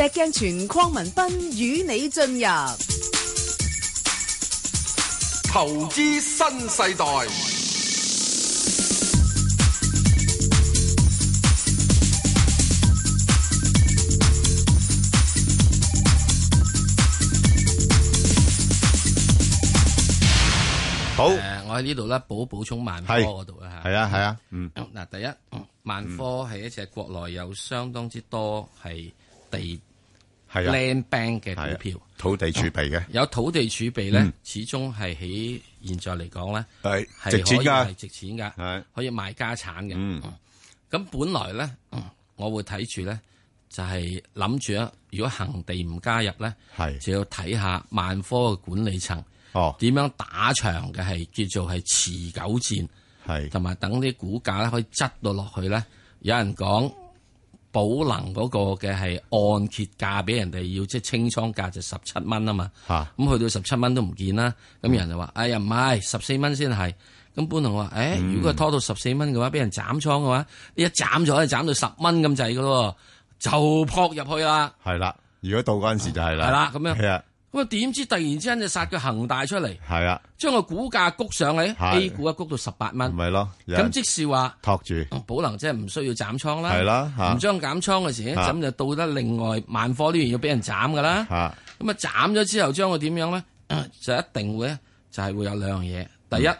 石鏡泉鄺文斌與你進入投資新世代。好，uh, 我喺呢度啦，補補充萬科嗰度啦，係裡吧啊係啊，嗯，嗱，第一，萬科係一隻國內有相當之多係。地係 land bank 嘅股票，土地儲備嘅有，有土地儲備咧，嗯、始終係喺現在嚟講咧，係是值錢噶，係的可以賣家產嘅、嗯嗯。嗯，咁本來咧，我會睇住咧，就係諗住啊，如果恒地唔加入咧，係的就要睇下萬科嘅管理層哦點樣打場嘅係叫做係持久戰，係同埋等啲股價咧可以執到落去咧。有人講。寶能嗰個嘅係按揭價俾人哋要即係清倉價就十七蚊啊嘛，咁去到十七蚊都唔見啦，咁、嗯、人就話：哎呀唔係，十四蚊先係。咁寶能話，誒、哎，如果拖到十四蚊嘅話，俾人斬倉嘅話，你一斬咗就斬到十蚊咁滯嘅咯，就撲入去啦。係啦，如果到嗰陣時就係啦。係啦、啊，咁樣。咁啊？點知突然之間就殺個恒大出嚟，係啊，將個股價谷上嚟，A 股一谷到十八蚊，唔係咯？咁即是話托住，保能即係唔需要斬倉啦，係啦，唔將減倉嘅時，咁就到得另外萬科呢邊要俾人斬噶啦，咁啊斬咗之後將佢點樣咧？就一定會咧，就係會有兩樣嘢。第一，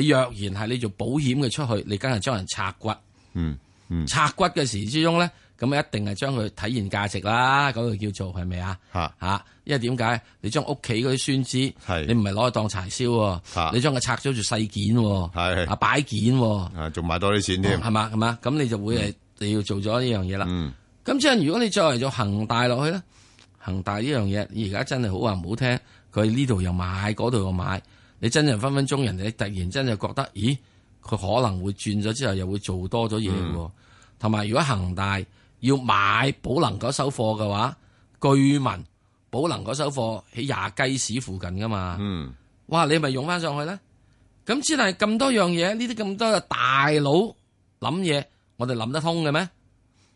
你若然係你做保險嘅出去，你梗係將人拆骨，嗯嗯，拆骨嘅時之中咧。咁一定係將佢體現價值啦，嗰個叫做係咪啊？嚇嚇，哈 因為點解你將屋企嗰啲宣紙，你唔係攞去當柴燒喎、喔，哈 你將佢拆咗做細件喎、喔，啊是的 擺件喎、喔，啊仲賣多啲錢添、嗯，係嘛係嘛，咁你就會係你要做咗呢樣嘢啦。咁、嗯、即係如果你作為咗恒大落去咧，恒大呢樣嘢，你而家真係好話唔好聽，佢呢度又買，嗰度又買，你真係分分鐘人哋突然真係覺得，咦，佢可能會轉咗之後又會做多咗嘢喎，同埋如果恒大。要買寶能嗰手貨嘅話，據聞寶能嗰手貨喺亞雞市附近噶嘛？嗯，哇，你係咪用翻上去咧，咁只係咁多樣嘢，呢啲咁多大佬諗嘢，我哋諗得通嘅咩？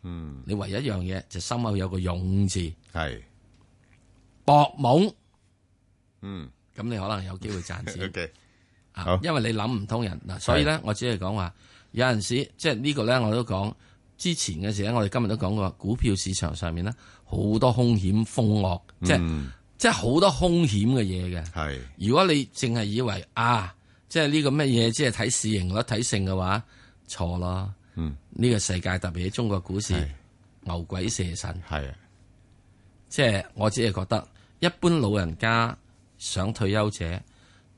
嗯，你唯一樣一樣嘢就心口有個勇字，係搏是懵，嗯，咁你可能有機會賺錢。 Okay. 啊、好，因為你諗唔通人嗱，所以咧，的我只係講話，有陣時即係呢個咧，我都講。之前嘅時候，我哋今日都講過股票市場上面咧，好多凶險風惡。嗯、即係即係好多凶險嘅嘢嘅。係是如果你淨係以為啊，即係呢個乜嘢，即係睇市盈率、睇性嘅話，錯咯。嗯，呢個世界特別喺中國股市是牛鬼蛇神係，是即係我只係覺得一般老人家想退休者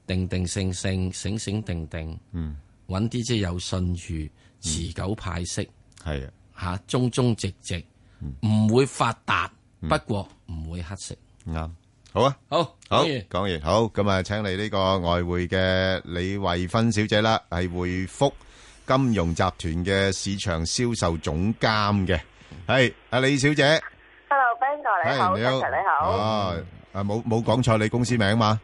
定定性性，醒醒定定，醒醒盛盛盛，嗯，揾啲即係有信譽、持久派息。係啊，吓忠忠直直，唔會發達，不過唔會黑食。啱，好啊，好，好講完，好咁啊，請你呢個外匯嘅李慧芬小姐啦，係匯福金融集團嘅市場銷售總監嘅，係阿李小姐。Hello，Ben 哥你好，你好，你好，啊，啊冇冇講錯你公司名嘛？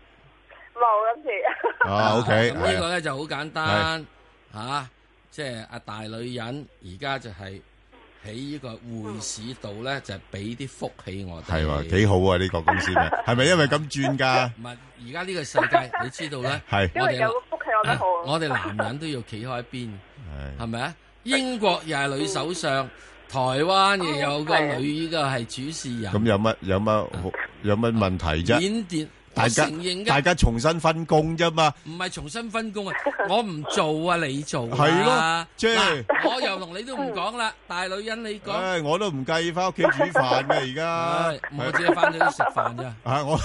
冇咁住啊。啊，OK，呢個咧就好簡單，吓。即係阿大女人，而家就係喺呢個匯市度咧，就俾、是、啲福氣我哋。係喎、啊，幾好啊呢、呢個公司，係咪因為咁轉噶？唔係，而家呢個世界，你知道咧。係。我哋有福氣，我得好。我哋男人都要企開邊，係咪是啊？英國又係女首相，台灣又有個女，呢個係主事人。咁有乜有乜有乜問題啫？啊啊啊啊啊啊大家承認大家重新分工啫嘛，唔係重新分工啊，我唔做啊，你做啊，係咯，即、就、係、是、我又同你都唔講啦，大女人你講，唉、哎，我都唔介意翻屋企煮飯嘅、啊、是的而家，我只係翻到去食飯咋，啊，我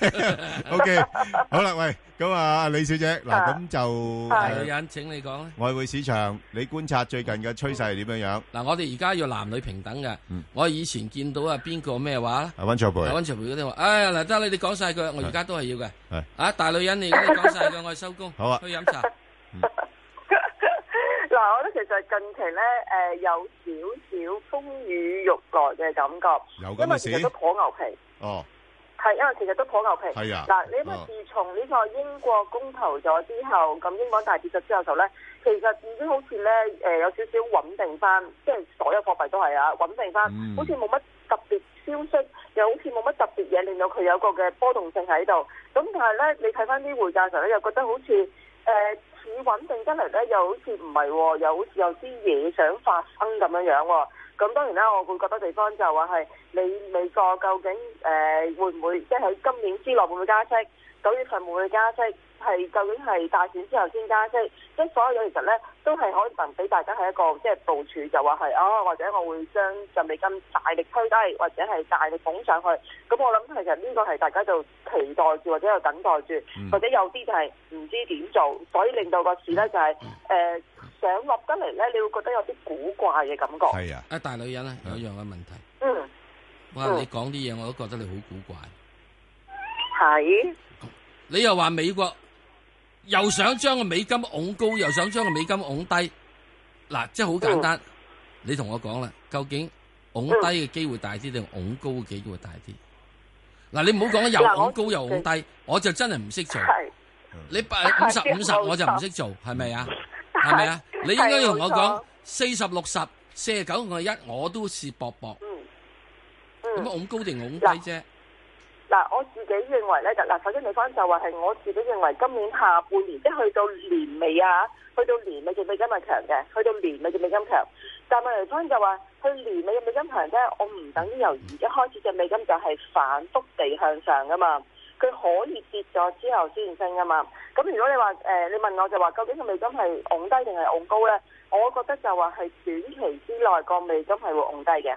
，OK， 好啦，喂。咁啊，李小姐，嗱，咁就大女人，請你講咧。外匯市場，你觀察最近嘅趨勢係點樣樣？嗱，我哋而家要男女平等㗎。我以前見到啊，邊個咩話？啊，溫卓培。啊，溫卓培嗰啲話，唉，嗱，得你哋講晒句，我而家都係要嘅。係啊，大女人你而家講晒句，我收工。好啊，去飲茶。嗱，我覺得其實近期咧，誒，有少少風雨欲來嘅感覺。有咁嘅事。因為其實都扯牛皮。哦。係，因為其實都頗牛皮。係啊的，嗱，你因為自從呢個英國公投咗之後，咁、嗯、英國大結局之後就咧，其實已經好似咧，誒、呃、有少少穩定翻，即係所有貨幣都係啊，穩定翻，好似冇乜特別消息，又好似冇乜特別嘢令到佢有個嘅波動性喺度。咁但係咧，你睇翻啲匯價時候咧，又覺得好、呃、似誒似穩定得嚟咧，又好似唔係喎，又好似有啲嘢想發生咁樣樣喎、哦。咁當然啦，我會覺得地方就話係美美國究竟誒會唔會，即係喺今年之內會唔會加息？九月份會唔會加息？係究竟係大選之後先加息？即係所有嘢其實咧都係可能俾大家係一個即係部署，就話係哦，或者我會將準備金大力推低，或者係大力捧上去。咁我諗其實呢個係大家就期待住，或者係等待住，或者有啲就係唔知點做，所以令到個市咧就係誒。想落得嚟咧，你會覺得有啲古怪嘅感覺。係啊，啊大女人咧，有一樣嘅問題。嗯，嗯哇，你講啲嘢我都覺得你好古怪。係是，你又話美國又想將個美金拱高，又想將個美金拱低。嗱、啊，即係好簡單，嗯、你同我講啦，究竟拱低嘅機會大啲定拱高嘅機會大啲？嗱、啊，你唔好講又拱高又拱低，又我就真係唔識做。係是，你八五十五十我就唔識做，係咪啊？係咪啊？是是是你應該要同我講四十六十四十九五個一，60, 1, 我都是薄薄。嗯，咁我咁高定我咁低啫。嗱、嗯嗯嗯，我自己認為咧，就嗱，首先你翻就話係我自己認為今年下半年即係去到年尾啊，去到年尾嘅美金係強嘅，去到年尾嘅美金強。但係嚟講就話去年尾嘅美金強啫，我唔等於由而家開始嘅美金就係反覆地向上噶嘛。佢可以跌咗之後先升噶嘛？咁如果你話誒、呃，你問我就話，究竟個美金係戇低定係戇高咧？我覺得就話係短期之內個美金係會戇低嘅，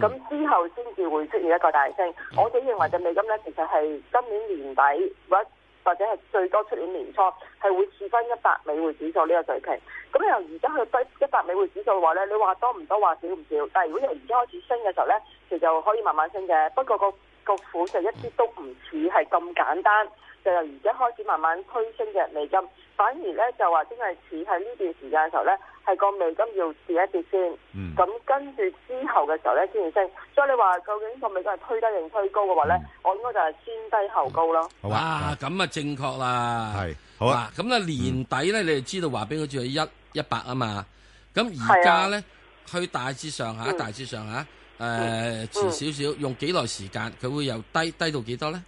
咁、嗯、之後先至會出現一個大升。嗯、我哋認為嘅美金咧，其實係今年年底或或者係最多出年年初係會刺翻一百美匯指數呢個水平。咁由而家去低一百美匯指數嘅話咧，你話多唔多，話少唔少？但係如果由而家開始升嘅時候咧，其實就可以慢慢升嘅。不過、嗰個個款就一啲都唔似係咁簡單，就由而家開始慢慢推升嘅美金，反而咧就話真係似喺呢段時間嘅時候咧，係個美金要跌一跌先，咁跟住之後嘅時候咧先至升，所以你話究竟個美金係推低定推高嘅話咧，我應該就係先低後高咯。哇，咁啊正確啦，係好啊，咁啊年底咧你哋知道話俾我知係一一百啊嘛，咁而家咧去大致上下，大致上下。誒、遲、呃、少少，用幾耐時間，佢會由低低到幾多咧？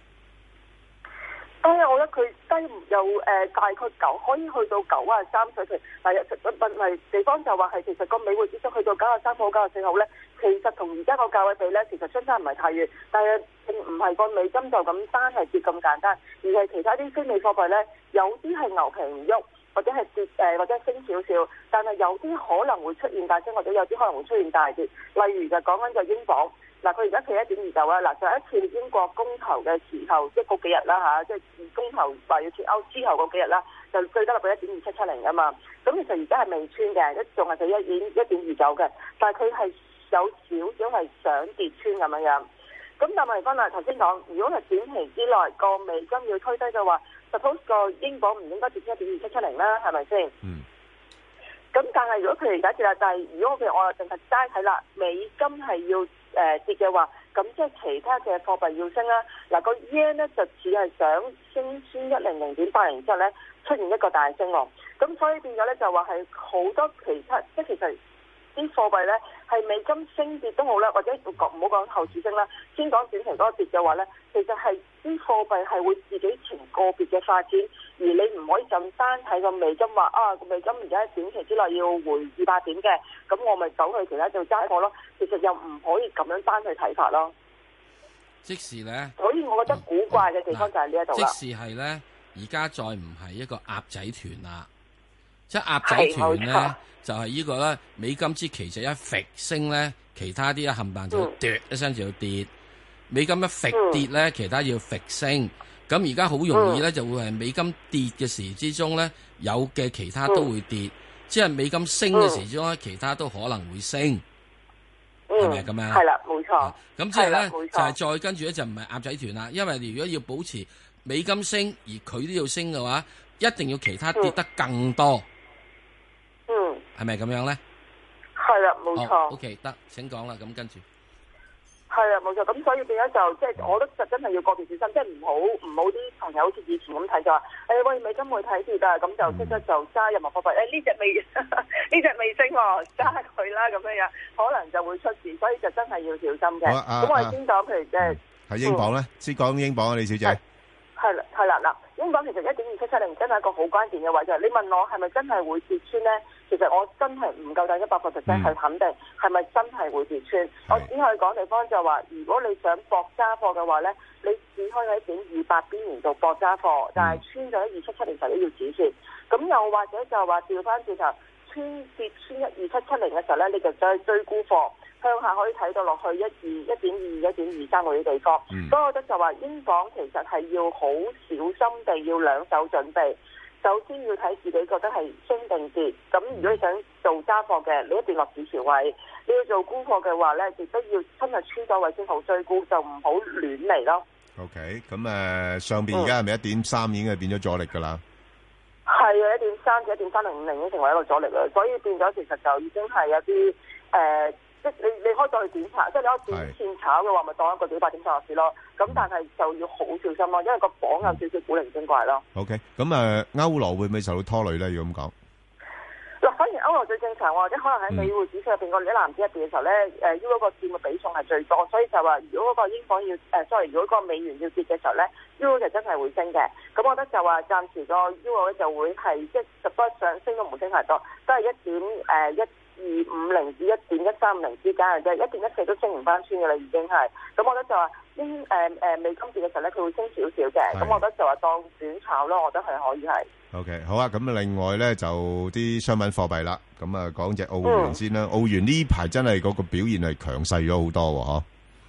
當然、呃，我覺得佢低又誒、呃，大概九，可以去到九啊三水平。但係問問地方就話係，其實個美匯指數去到九啊三到九啊四好咧，其實同而家個價位比咧，其實相差唔係太遠。但係唔係個美金就咁單係跌咁簡單，而係其他啲非美貨幣咧，有啲係牛皮唔喐。或者係跌誒，或者升少少，但係有啲可能會出現大升，或者有啲可能會出現大跌。例如就講緊就英鎊，嗱佢而家企一點二九啦，嗱上一次英國公投嘅時候，即係嗰幾日啦嚇，即係公投話要脱歐之後嗰幾日啦，就最低落到一點二七七零嘅嘛。咁其實而家係未穿嘅，一仲係佢一點一點二九嘅，但係佢係有少少係想跌穿咁樣樣。咁但係問題翻啦，頭先講，如果係短期之內個美金要推低嘅話，suppose 個英鎊唔應該跌穿一點二七七零啦，係咪先？嗯。咁但係如果譬如假設啦，但係如果我譬如我又淨係齋睇啦，美金係要誒跌嘅話，咁即係其他嘅貨幣要升啦。嗱、那個 yen 咧就只係想升先一零零點八零之後咧出現一個大升喎。咁所以變咗咧就話係好多其他即係、就是、其實。啲貨幣咧係美金升跌都好咧，或者唔好講後市升啦，先講短期嗰個跌嘅話咧，其實係啲貨幣係會自己呈個別嘅發展，而你唔可以咁單睇個美金話啊，美金而家喺短期之內要回二百點嘅，咁我咪走去其他做揸貨咯。其實又唔可以咁樣單去睇法咯。即是咧，所以我覺得古怪嘅地方就喺呢一度。即是係咧，而家再唔係一個鴨仔團啦。即係鴨仔團咧，就係呢個咧。美金之其實一升咧，其他啲一冚唪唥就跌，一聲就要跌。美金一跌跌咧，其他要升。咁而家好容易咧，就會係美金跌嘅時之中咧，有嘅其他都會跌。即係美金升嘅時之中咧，其他都可能會升。係咪咁啊？係啦，冇錯。咁即係咧，就係再跟住咧就唔係鴨仔團啦。因為如果要保持美金升而佢都要升嘅話，一定要其他跌得更多。係咪咁樣咧？係啦，冇錯。OK，得，請講啦。咁跟住係啦，冇錯。咁所以變咗就即係，我都就真係要個別小心，即係唔好唔好啲朋友好似以前咁睇就話，誒喂，美金會睇住噶，咁就即刻就揸人民幣，誒呢隻美呢隻微升哦，揸佢啦咁樣樣，可能就會出事，所以就真係要小心嘅。咁我先講，譬如即係喺英鎊咧，先講英鎊啊，李小姐。係啦，係啦，嗱，咁講其實一點二七七零真係一個好關鍵嘅位就係，你問我係咪真係會跌穿咧？其實我真係唔夠大一百個 percent 去肯定係咪真係會跌穿。Mm. 我只可以講地方就話係，如果你想博揸貨嘅話咧，你只可以喺點二八邊沿度博揸貨，但係穿咗一二七七零時候，都要止損。咁又或者就話調翻轉頭穿跌穿一二七七零嘅時候咧，你就再追沽貨。向下可以睇到落去一二一點二一點二三嗰啲地方，所以、嗯、我覺得就話英鎊其實係要好小心地要兩手準備。首先要睇自己覺得係升定跌。咁如果你想做揸貨嘅，你一定要落市朝位；你要做沽貨嘅話呢，亦都要真係穿咗位先好追沽，就唔好亂嚟咯。OK，咁、嗯、誒上邊而家係咪一點三已經變咗阻力㗎啦？係啊，一點三至一點三零五零已經成為一個阻力啦。所以變咗其實就已經係有啲誒。呃即係你你可以再去檢查，即係你可以短線炒嘅話，咪是當一個早八點三十市咯。咁但係就要好小心咯，因為個榜有少少古靈精怪咯。O K。咁誒歐羅會唔會受到拖累咧？要咁講。嗱，反而歐羅最正常喎，或者可能喺美匯指數入邊嗰啲籃子入邊嘅時候咧，誒 U 嗰個佔嘅比重係最多，所以就話如果嗰個英鎊要誒、呃、sorry，如果嗰個美元要跌嘅時候咧，U 其實真係會升嘅。咁我覺得就話暫時個 U 就會係即係不多上升都唔升太多，都係一點誒一。呃二五零至一.點一三五零之間嘅啫，一.點一四都升完翻穿嘅啦，已經係。咁我覺得就話呢，誒誒，美金跌嘅時候咧，佢會升少少嘅。咁我覺得就話當短炒咯，我覺得係可以係。O K，好啊。咁另外咧就啲商品貨幣啦。咁啊，講隻澳元先啦。澳元呢排真係嗰個表現係強勢咗好多，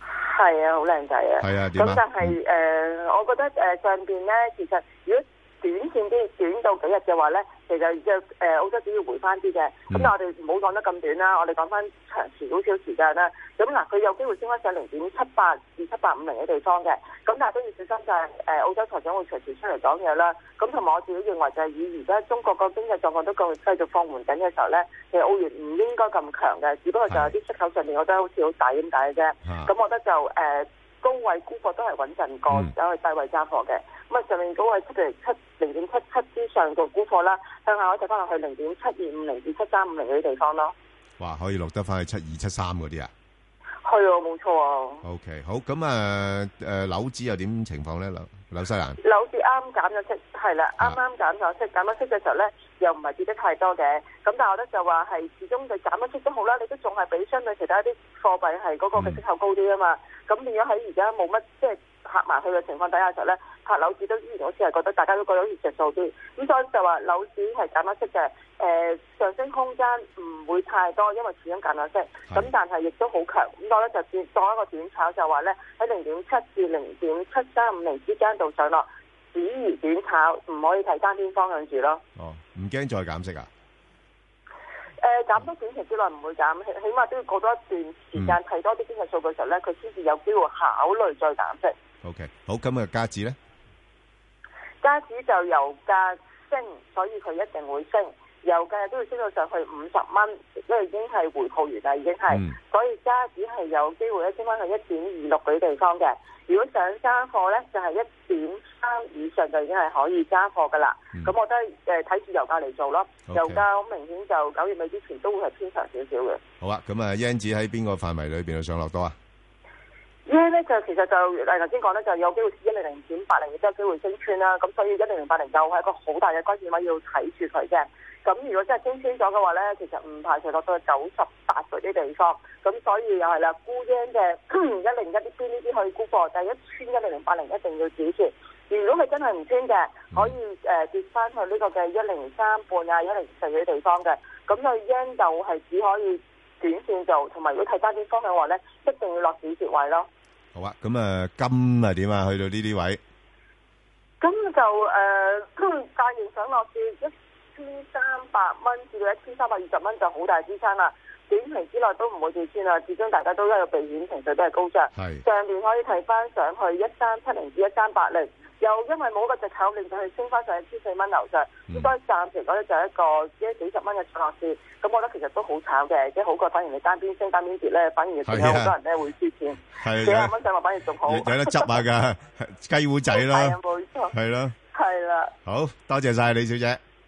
吓。係啊，好靚仔啊！係啊，咁但係誒，我覺得誒上邊咧，其實有。短線啲，短到幾日嘅話咧，其實嘅誒澳洲只要回翻啲嘅。咁、嗯、但我哋唔好講得咁短啦，我哋講翻長時好少時間啦。咁、嗯、嗱，佢有機會升翻上零點七八至七八五零嘅地方嘅。咁但係都要小心就係誒澳洲財長會隨時出嚟講嘢啦。咁同埋我自己認為就係以而家中國個經濟狀況都繼續放緩緊嘅時候咧，其實澳元唔應該咁強嘅。只不過就係啲出口上面，我覺得好似好抵咁抵嘅啫。咁、嗯、我覺得就誒。呃高位沽貨都係穩陣過走去低位揸貨嘅，咁啊上面高位七零七零點七七之上做沽貨啦，向下一睇翻係去零點七二五零至七三五零嗰啲地方咯。哇，可以落得翻去七二七三嗰啲啊？係哦，okay，冇錯哦。OK，好咁啊，誒樓市又點情況咧？紐紐西蘭樓市啱減咗息，係啦，啱啱減咗息，減咗息嘅時候咧。又唔係跌得太多嘅，咁但係我咧就話係，始終就減得息都好啦，你都仲係比相對其他啲貨幣係嗰個嘅息口高啲啊嘛，咁變咗喺而家冇乜即係嚇埋去嘅情況底下就時咧，拍樓市都依然好似係覺得大家都覺得越著數啲，咁所以就話樓市係減得息嘅，誒、呃、上升空間唔會太多，因為始終減得息，咁但係亦都好強，咁我咧就短當一個短炒就話咧喺零點七至零點七三五零之間度上落。至於短炒，唔可以睇單邊方向住咯。哦，唔驚再減息啊？誒、呃，減到短期之內唔會減，起起碼都要過多一段時間，睇、嗯、多啲經濟數據嘅時候咧，佢先至有機會考慮再減息。O、okay. K，好，咁嘅加指咧，加指就油價升，所以佢一定會升。油價都會升到上去五十蚊，因為已經係回吐完啦，已經係。所以加紙係有機會咧，升翻去一點二六嗰啲地方嘅。如果想加貨咧，就係一點三以上就已經係可以加貨噶啦。咁我覺得誒睇住油價嚟做咯。油價好明顯就九月尾之前都會係偏強少少嘅。好啊，咁啊，Yen 紙喺邊個範圍裏邊啊上落多啊？Yen 咧就其實就誒頭先講咧，就係有機會一零零點八零都有機會升穿啦。咁所以一零零八零又係一個好大嘅關鍵位，要睇住佢嘅。咁如果真係穿穿咗嘅話咧，其實唔排除落到九十八嘅啲地方，咁所以又係啦，沽 yen 嘅一零一啲啲呢啲可以沽貨，但係一穿一零零八零一定要止蝕。如果係真係唔穿嘅，可以誒、呃、跌翻去呢個嘅一零三半啊、一零四嘅地方嘅。咁佢 yen 就係只可以短線做，同埋如果睇返啲方向嘅話咧，一定要落止蝕位咯。好啊，咁、嗯、啊金啊點啊？去到呢啲位？咁就誒，大盤想落市一千三百蚊至到一千三百二十蚊就好大支撐啦，短期之內都唔會跌穿啦。始終大家都喺度避險情緒都係高漲，上邊可以睇翻上去一三七零至一三八零，又因為冇一個直頭令佢升翻上去千四蚊樓上，應該暫時講咧就一個一幾十蚊嘅上落市。咁我覺得其實都好慘嘅，即係好過反而你單邊升單邊跌咧，反而仲有好多人咧會輸錢。係啊，蚊上我反而仲好，執下噶雞烏仔啦，係啦，係啦，好多謝晒李小姐。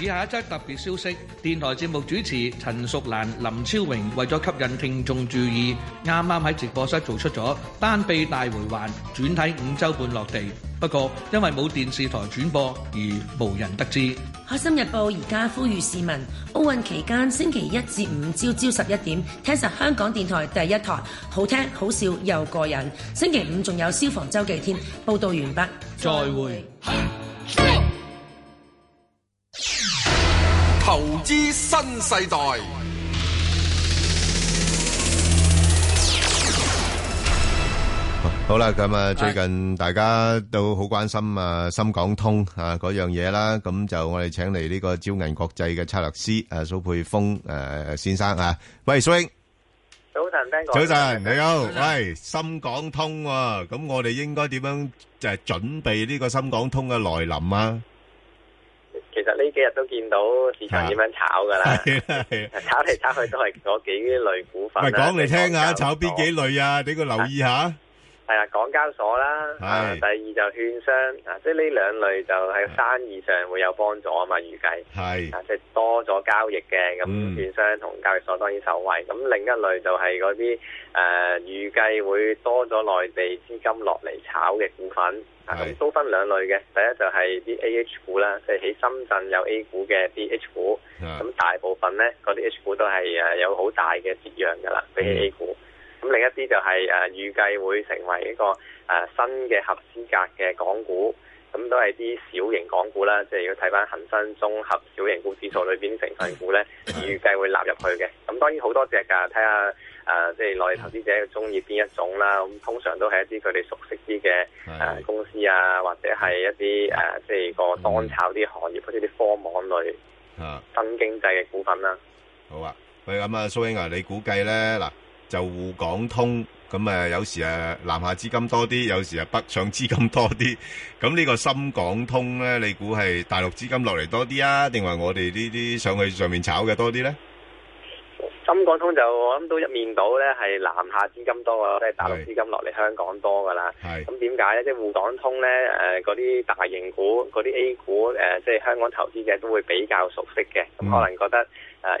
以下一則特別消息，電台節目主持陳淑蘭、林超榮為咗吸引聽眾注意，啱啱喺直播室做出咗單臂大回環、轉體五周半落地。不過因為冇電視台轉播而無人得知。《開心日報》而家呼籲市民，奧運期間星期一至五朝朝十一點聽實香港電台第一台，好聽好笑又過癮。星期五仲有消防周記添。報道完畢，再會。之新世代好啦，咁啊最近大家都好關心啊深港通啊嗰樣嘢啦，咁就我哋請嚟呢個招銀國際嘅策略師啊蘇沛豐誒先生啊，喂蘇英，早晨。早晨你好。喂深港通啊，咁我哋應該點樣就係準備呢個深港通嘅來臨啊？.其實呢幾日都見到市場點樣炒噶啦， 炒嚟炒去都係嗰幾類股份啊。咪講嚟聽下，炒邊幾類啊？俾個留意下。 係啊，港交所啦，啊的，第二就券商啊，即係呢兩類就喺生意上會有幫助啊嘛，預計係啊，即、就、係、是、多咗交易嘅，咁，券商同交易所當然受惠。咁另一類就係嗰啲誒，預、呃、計會多咗內地資金落嚟炒嘅股份的啊，咁都分兩類嘅。第一就係啲 A H 股啦，即係喺深圳有 A 股嘅 b H 股，咁的大部分咧嗰啲 H 股都係誒有好大嘅折讓噶啦，比起 A 股。咁另一啲就係、是、誒預計會成為一個誒、啊、新嘅合資格嘅港股，咁、啊、都係啲小型港股啦。即係要睇翻恒生綜合小型股指數裏邊成分股咧、啊，預計會納入去嘅。咁、啊、當然好多隻噶，睇下誒，即係內地投資者中意邊一種啦。咁、啊、通常都係一啲佢哋熟悉啲嘅誒公司啊，或者係一啲誒、啊、即係個當炒啲行業或者啲科網類啊的新經濟嘅股份啦。啊好啊，咁啊，蘇英啊，你估計咧嗱？就滬港通咁，誒，有時誒南下資金多啲，有時誒北上資金多啲。咁呢個深港通呢，你估係大陸資金落嚟多啲啊，定係我哋呢啲上去上面炒嘅多啲呢？深港通就我諗到一面倒呢，係南下資金多啊，即係大陸資金落嚟香港多噶啦。咁點解呢？即係滬港通呢，誒嗰啲大型股、嗰啲 A 股，誒即係香港投資者都會比較熟悉嘅，咁可能覺得。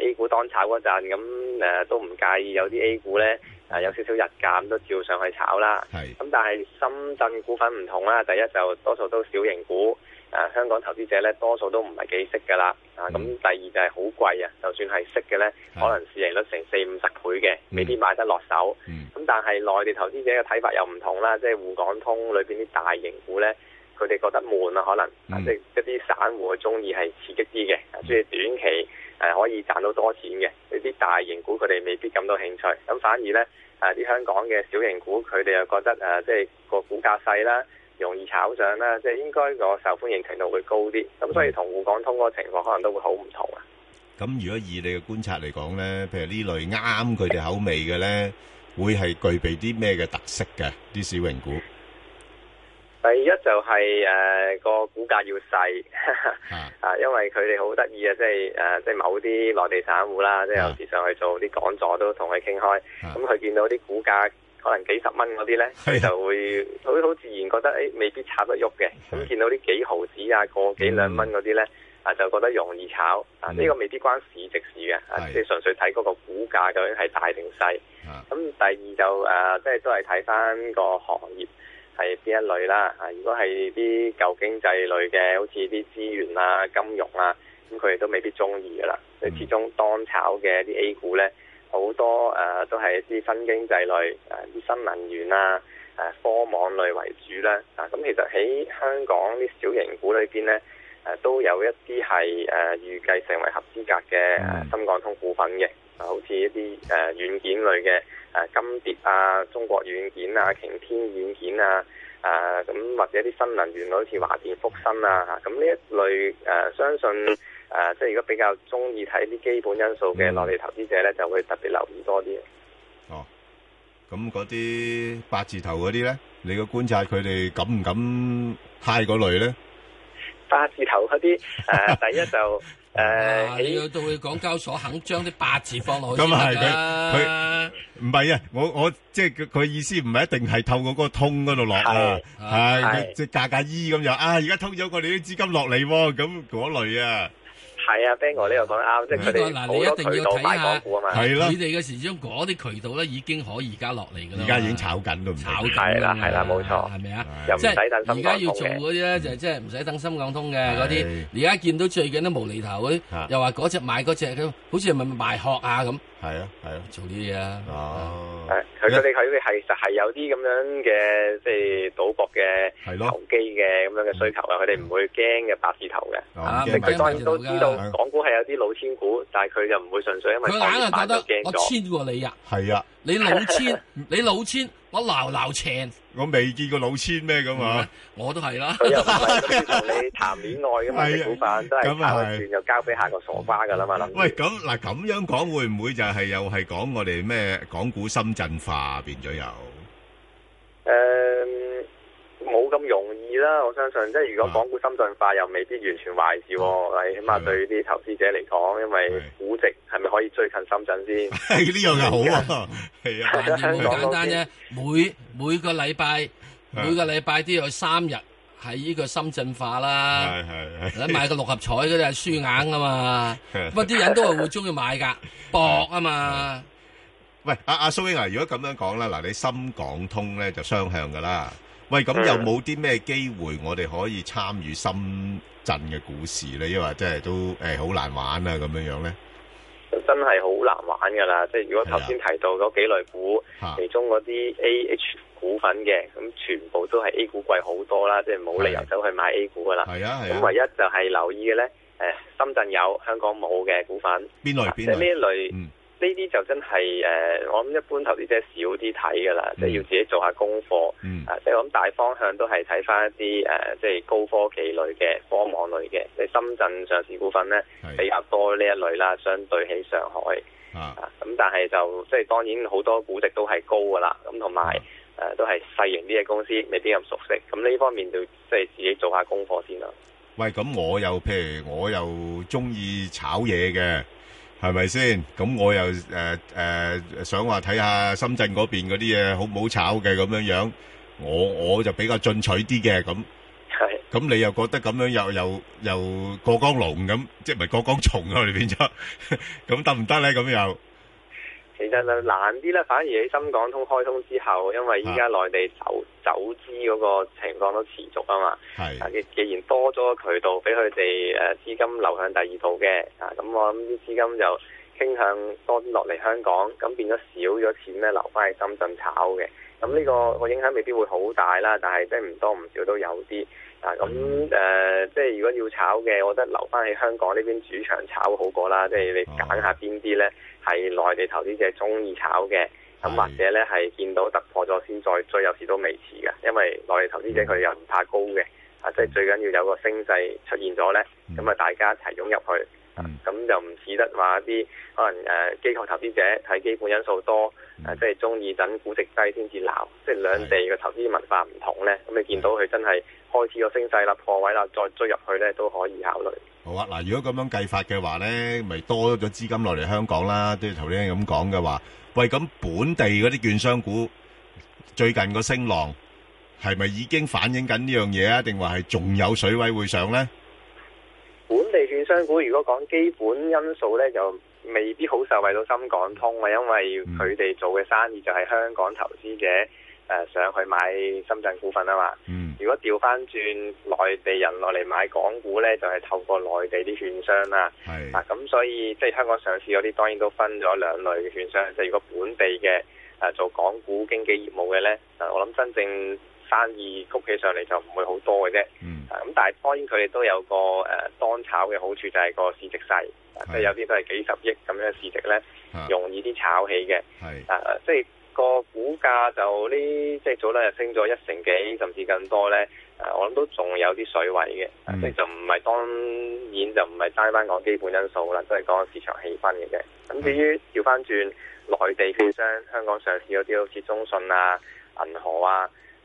誒 A 股當炒嗰陣，咁誒、呃、都唔介意有啲 A 股呢，誒、呃、有少少溢價都照上去炒啦。咁是、嗯、但係深圳股份唔同啦，第一就多數都小型股，誒、啊、香港投資者呢，多數都唔係幾識㗎喇，啊咁第二就係好貴啊，就算係識嘅呢，是可能市盈率成四五十倍嘅，未必買得落手。咁但係內地投資者嘅睇法又唔同啦，即係滬港通裏邊啲大型股呢。佢哋覺得悶啊，可能、嗯、即係一啲散戶嘅鍾意係刺激啲嘅，所以短期誒、嗯啊、可以賺到多錢嘅。呢啲大型股佢哋未必感到興趣，咁反而呢，啊啲香港嘅小型股，佢哋又覺得誒、啊、即係個股價細啦，容易炒上啦，即係應該個受歡迎程度會高啲。咁、嗯、所以同滬港通個情況可能都會好唔同啊。咁、嗯、如果以你嘅觀察嚟講呢，譬如呢類啱佢哋口味嘅呢，會係具備啲咩嘅特色嘅啲小型股？第一就係誒個股價要細，啊，因為佢哋好得意啊，即係誒，即係某啲內地散戶啦，即係有時上去做啲講座都同佢傾開，咁佢見到啲股價可能幾十蚊嗰啲呢，佢就會好好自然覺得誒未必炒得喐嘅，咁見到啲幾毫子啊、個幾兩蚊嗰啲呢，啊就覺得容易炒，啊呢個未必關市值事嘅，啊即係純粹睇嗰個股價究竟係大定細，咁第二就誒即係都係睇翻個行業。係邊一類啦？嚇！如果係啲舊經濟類嘅，好似啲資源啊、金融啊，咁佢哋都未必中意噶啦。所以始終當炒嘅啲 A 股呢，好多誒、啊、都係一啲新經濟類、誒、啊、啲新能源啊、誒、啊、科網類為主啦、啊。啊，咁其實喺香港啲小型股裏邊呢，誒、啊、都有一啲係誒預計成為合資格嘅深港通股份嘅。好似一啲誒、呃、軟件類嘅誒、啊、金蝶啊、中國軟件啊、擎天軟件啊，誒、啊、咁或者啲新能源好似華電、啊、福新啊嚇，咁呢一類誒、啊，相信誒即係如果比較中意睇啲基本因素嘅內地投資者咧，嗯、就會特別留意多啲。哦，咁嗰啲八字頭嗰啲咧，你嘅觀察佢哋敢唔敢派 i 嗰類咧？八字頭嗰啲誒，第一就。 誒，你要到去港交所肯將啲八字放落去咁先佢、啊，佢、啊，唔係啊，我我即係佢佢意思唔係一定係透過嗰個通嗰度落啊，係即係價價衣咁樣啊，而家通咗，我哋啲資金落嚟喎，咁嗰類啊。係啊，Ben 哥呢個講得啱，呢個嗱，你一定要睇下，佢哋嘅時鐘嗰啲渠道咧已經可以而家落嚟㗎啦。而家已經炒緊都唔炒係啦，係啦，冇錯，係咪啊？即係而家要做嗰啲咧，就係即係唔使等深港通嘅嗰啲。而家見到最緊都無厘頭，又話嗰隻買嗰隻，好似係咪賣殼啊咁？係啊，係啊，做啲嘢啊。誒，其實佢哋係實係有啲咁樣嘅，即係賭博嘅、投機嘅咁樣嘅需求的啊！佢哋唔會驚嘅，八字頭嘅。啊，即係當然都知道，港股係有啲老千股，的但係佢就唔會純粹因為打牌打得贏咗、啊。我千過、啊、你呀、啊！係呀的，你老千， 你老千。我鬧鬧赤，我未見過老千咩咁啊！我都係啦，佢又嚟同你談戀愛咁啊！股份都係下個盤又交俾下個傻瓜噶啦嘛～喂，咁嗱咁樣講，會唔會就係又係講我哋咩港股深圳化變咗又？誒。冇咁容易啦，我相信即係如果港股深圳化又未必完全壞事喎，起碼對啲投資者嚟講，因為估值係咪可以追近深圳先？係呢樣嘢好啊！係啊，難點講？簡單啫，每每個禮拜每個禮拜都有三日喺呢個深圳化啦。係係，你買個六合彩嗰啲係輸硬噶嘛，咁啊啲人都係會中意買噶，博啊嘛。喂，阿阿蘇英啊，如果咁樣講啦，嗱，你深港通咧就雙向噶啦。喂，咁又冇啲咩機會我哋可以參與深圳嘅股市咧？因為真係都誒好、欸、難玩啦、啊，咁樣樣咧，真係好難玩噶啦！即係如果頭先提到嗰幾類股，啊、其中嗰啲 A H 股份嘅，咁全部都係 A 股貴好多啦，啊、即係冇理由走去買 A 股噶啦。係啊，咁、啊、唯一就係留意嘅咧，誒，深圳有，香港冇嘅股份，邊類邊類？即係呢一類。嗯呢啲就真係誒、呃，我諗一般投資者少啲睇噶啦，即係、嗯、要自己做下功課。啊、嗯，即係、呃、我諗大方向都係睇翻一啲誒，即、呃、係、就是、高科技類嘅、科網類嘅。即係深圳上市股份咧比較多呢一類啦，相對起上海啊。咁、啊、但係就即係當然好多估值都係高噶啦。咁同埋誒都係細型啲嘅公司未必咁熟悉。咁呢方面就即係自己做下功課先啦。喂，咁我又譬如我又中意炒嘢嘅。係咪先？咁我又誒誒、呃呃、想話睇下深圳嗰邊嗰啲嘢好唔好炒嘅咁樣樣，我我就比較進取啲嘅咁。係，咁你又覺得咁樣又又又，又過江龍咁，即係唔係過江蟲啊？你變咗，咁得唔得咧？咁又。其實就難啲咧，反而喺深港通開通之後，因為依家內地走、啊、走資嗰個情況都持續啊嘛。係是，既既然多咗個渠道俾佢哋誒資金流向第二度嘅，啊咁我諗啲資金就傾向多啲落嚟香港，咁變咗少咗錢咧留翻喺深圳炒嘅。咁呢個個影響未必會好大啦，但係即係唔多唔少都有啲。啊，咁誒，即係如果要炒嘅，我覺得留翻喺香港呢邊主場炒好過啦。即係你揀下邊啲呢？係內地投資者中意炒嘅，咁、啊、或者呢，係見到突破咗先再追，有時都未遲嘅。因為內地投資者佢又唔怕高嘅，啊，即係最緊要有個升勢出現咗呢。咁啊大家一齊湧入去，咁、嗯啊、就唔似得話啲可能誒、啊、機構投資者睇基本因素多。誒，即係中意等估值低先至撈，即係兩地嘅投資文化唔同咧。咁你見到佢真係開始個升勢啦，破位啦，再追入去咧都可以考慮。好啊，嗱，如果咁樣計法嘅話咧，咪多咗資金落嚟香港啦。即係頭先咁講嘅話，喂，咁本地嗰啲券商股最近個升浪係咪已經反映緊呢樣嘢啊？定話係仲有水位會上咧？本地券商股如果講基本因素咧，就。未必好受惠到深港通啊，因為佢哋做嘅生意就係香港投資者誒、呃、上去買深圳股份啊嘛。嗯、如果調翻轉內地人落嚟買港股呢，就係、是、透過內地啲券商啦。嗱咁是、啊、所以即係香港上市嗰啲當然都分咗兩類嘅券商，即係如果本地嘅誒、呃、做港股經紀業務嘅呢，呃、我諗真正。生意谷起上嚟就唔會好多嘅啫，咁但係當然佢哋都有個誒當炒嘅好處，就係個市值細，即係有啲都係幾十億咁樣嘅市值咧，容易啲炒起嘅。係啊，即係個股價就呢，即係早兩日升咗一成幾，甚至更多咧。誒，我諗都仲有啲水位嘅，所以就唔係當然就唔係單單講基本因素啦，都係講市場氣氛嘅啫。咁至於調翻轉內地券商香港上市嗰啲，好似中信啊、銀河啊。誒，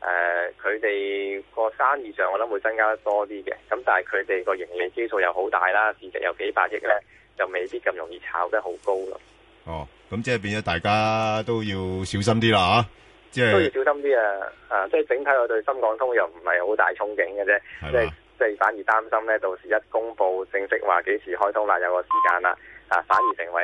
佢哋個生意上我諗會增加得多啲嘅，咁但係佢哋個盈利基數又好大啦，市值有幾百億咧，就未必咁容易炒得好高咯。哦，咁即係變咗大家都要小心啲啦，吓、啊，即係都要小心啲啊，啊，即係整體我對深港通又唔係好大憧憬嘅啫，的即係即係反而擔心咧，到時一公布正式話幾時開通啦，有個時間啦，啊反而成為。